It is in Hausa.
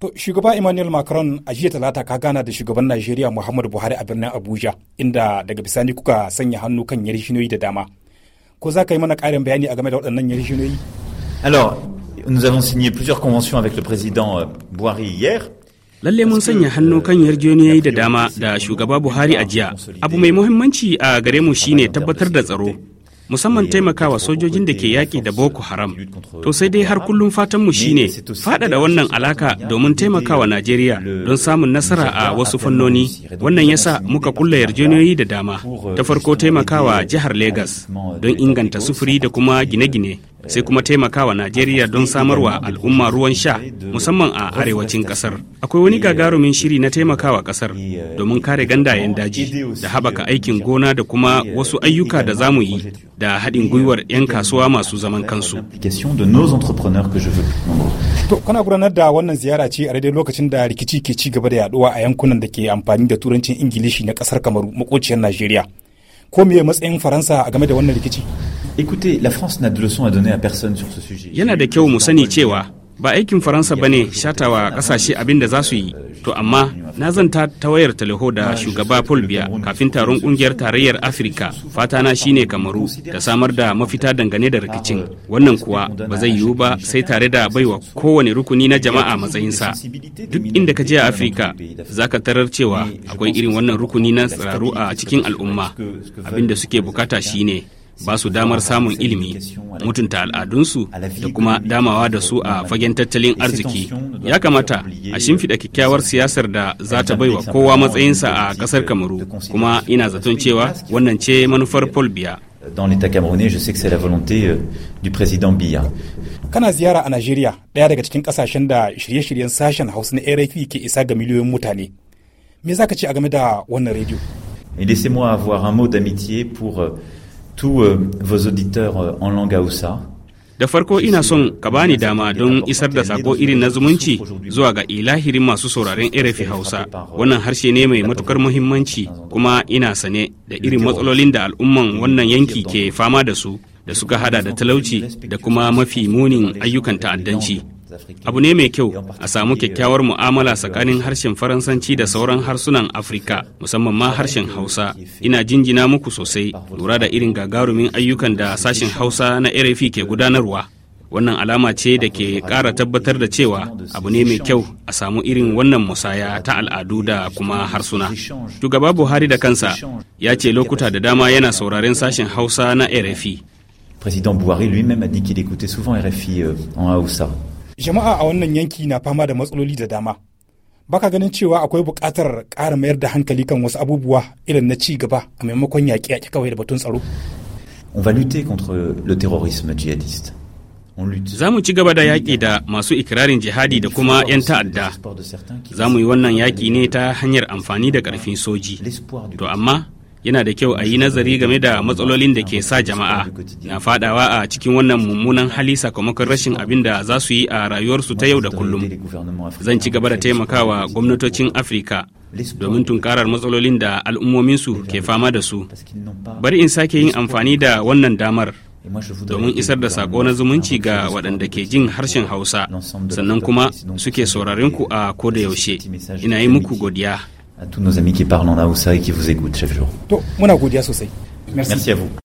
To shugaba Emmanuel Macron a jiya talata ka gana da shugaban Najeriya Muhammadu Buhari a birnin Abuja inda daga bisani kuka sanya hannu kan yarishinoyi da dama. Ko za ka yi mana ƙarin bayani a game da waɗannan yarishinoyi? Alors, nous avons signé plusieurs conventions avec le président euh, Buhari hier. Lalle mun sanya hannu kan euh, yarjejeniyoyi da dama da shugaba Buhari a jiya. Abu mai muhimmanci a gare mu shine tabbatar da tsaro musamman taimakawa sojojin da ke yaƙi da Boko Haram. To sai dai har kullum fatanmu shine faɗaɗa wannan alaka domin taimakawa Najeriya don samun nasara a wasu fannoni. Wannan yasa muka kulla yarjejeniyoyi da dama. Ta farko taimakawa jihar lagos don inganta sufuri da kuma gine-gine. sai kuma taimakawa najeriya don samarwa al'umma ruwan sha musamman a arewacin kasar akwai wani gagarumin shiri na taimakawa kasar domin kare gandayen daji da haɓaka aikin gona da kuma wasu ayyuka da za mu yi da haɗin gwiwar 'yan kasuwa masu zaman kansu to kana gudanar da wannan ziyara ce a daidai lokacin da rikici ke ci gaba da yaduwa a yankunan da ke amfani da turancin ingilishi na kasar kamaru makociyar najeriya ko me matsayin faransa a game da wannan rikici Yana da kyau mu sani cewa ba aikin Faransa ba ne shatawa kasashe abin da za su yi, euh, to amma na zanta ta wayar talaho da shugaba Paul Biya kafin taron ƙungiyar tarayyar Afirka fatana ne kamaru da samar da mafita dangane da ah, rikicin. Wannan kuwa ba zai yiwu ba sai tare da baiwa kowane rukuni na jama'a matsayinsa. Duk inda ka je a Afirka za ka tarar cewa akwai irin wannan rukuni na tsiraru a cikin al'umma. Abin da suke bukata shine ba su damar samun ilimi mutunta al'adunsu da kuma damawa da su a fagen tattalin arziki ya kamata a shimfiɗa kyakkyawar siyasar da za ta wa kowa matsayinsa a kasar kamaru kuma ina zaton cewa wannan ce manufar paul biya dans l'État camerounais. Je sais que c'est la volonté euh, du président Biya. Kana ziyara a Najeriya, ɗaya daga cikin ƙasashen da shirye-shiryen sashen Hausa na RFI ke isa ga miliyoyin mutane. Me za ka ce a game da wannan rediyo? Et laissez-moi avoir un mot d'amitié pour euh, tous euh, vos euh, Da farko ina son euh, ka bani dama don isar da sako irin na zumunci zuwa ga ilahirin masu sauraren RFI Hausa. Wannan harshe ne mai matukar muhimmanci kuma ina sane da irin matsalolin da al'umman wannan yanki ke fama da su da suka hada da talauci da kuma mafi munin ayyukan ta'addanci. abu ne mai kyau a samu kyakkyawar euh, mu'amala tsakanin harshen faransanci da sauran harsunan afirka musamman ma harshen hausa ina jinjina muku sosai lura da irin gagarumin ayyukan da sashen hausa na rfi ke euh, gudanarwa wannan alama ce da ke kara tabbatar da cewa abu ne mai kyau a samu irin wannan musaya ta al'adu da kuma harsuna. Shugaba Buhari da kansa ya ce lokuta da dama yana sauraren sashen Hausa na RFI. Président Buhari lui-même a dit qu'il écoutait souvent RFI euh, en Hausa. jama'a a wannan yanki na fama da matsaloli da dama baka ganin cewa akwai buƙatar ƙara mayar da hankali kan wasu abubuwa irin na ci gaba a maimakon yaƙi yaƙi kawai da batun tsaro On va lutter contre le terrorisme djihadiste. Za mu ci gaba da yaƙi da masu ikirarin jihadi da kuma 'yan ta'adda. Za mu yi wannan yaƙi ne ta hanyar amfani da ƙarfin soji. To amma yana da kyau a yi nazari game da matsalolin da ke sa jama'a na fadawa a cikin wannan mummunan hali sakamakon rashin abin da za su yi a rayuwarsu ta yau da kullum zan ci gaba da taimakawa gwamnatocin afirka domin tunkarar matsalolin da al'ummominsu ke fama da su bari in sake yin amfani da wannan damar domin isar da sako na zumunci ga waɗanda ke jin harshen hausa sannan kuma suke sauraren ku a koda yaushe ina yi muku godiya à tous nos amis qui parlent en Aoussa et qui vous écoutent chaque jour. Merci à vous.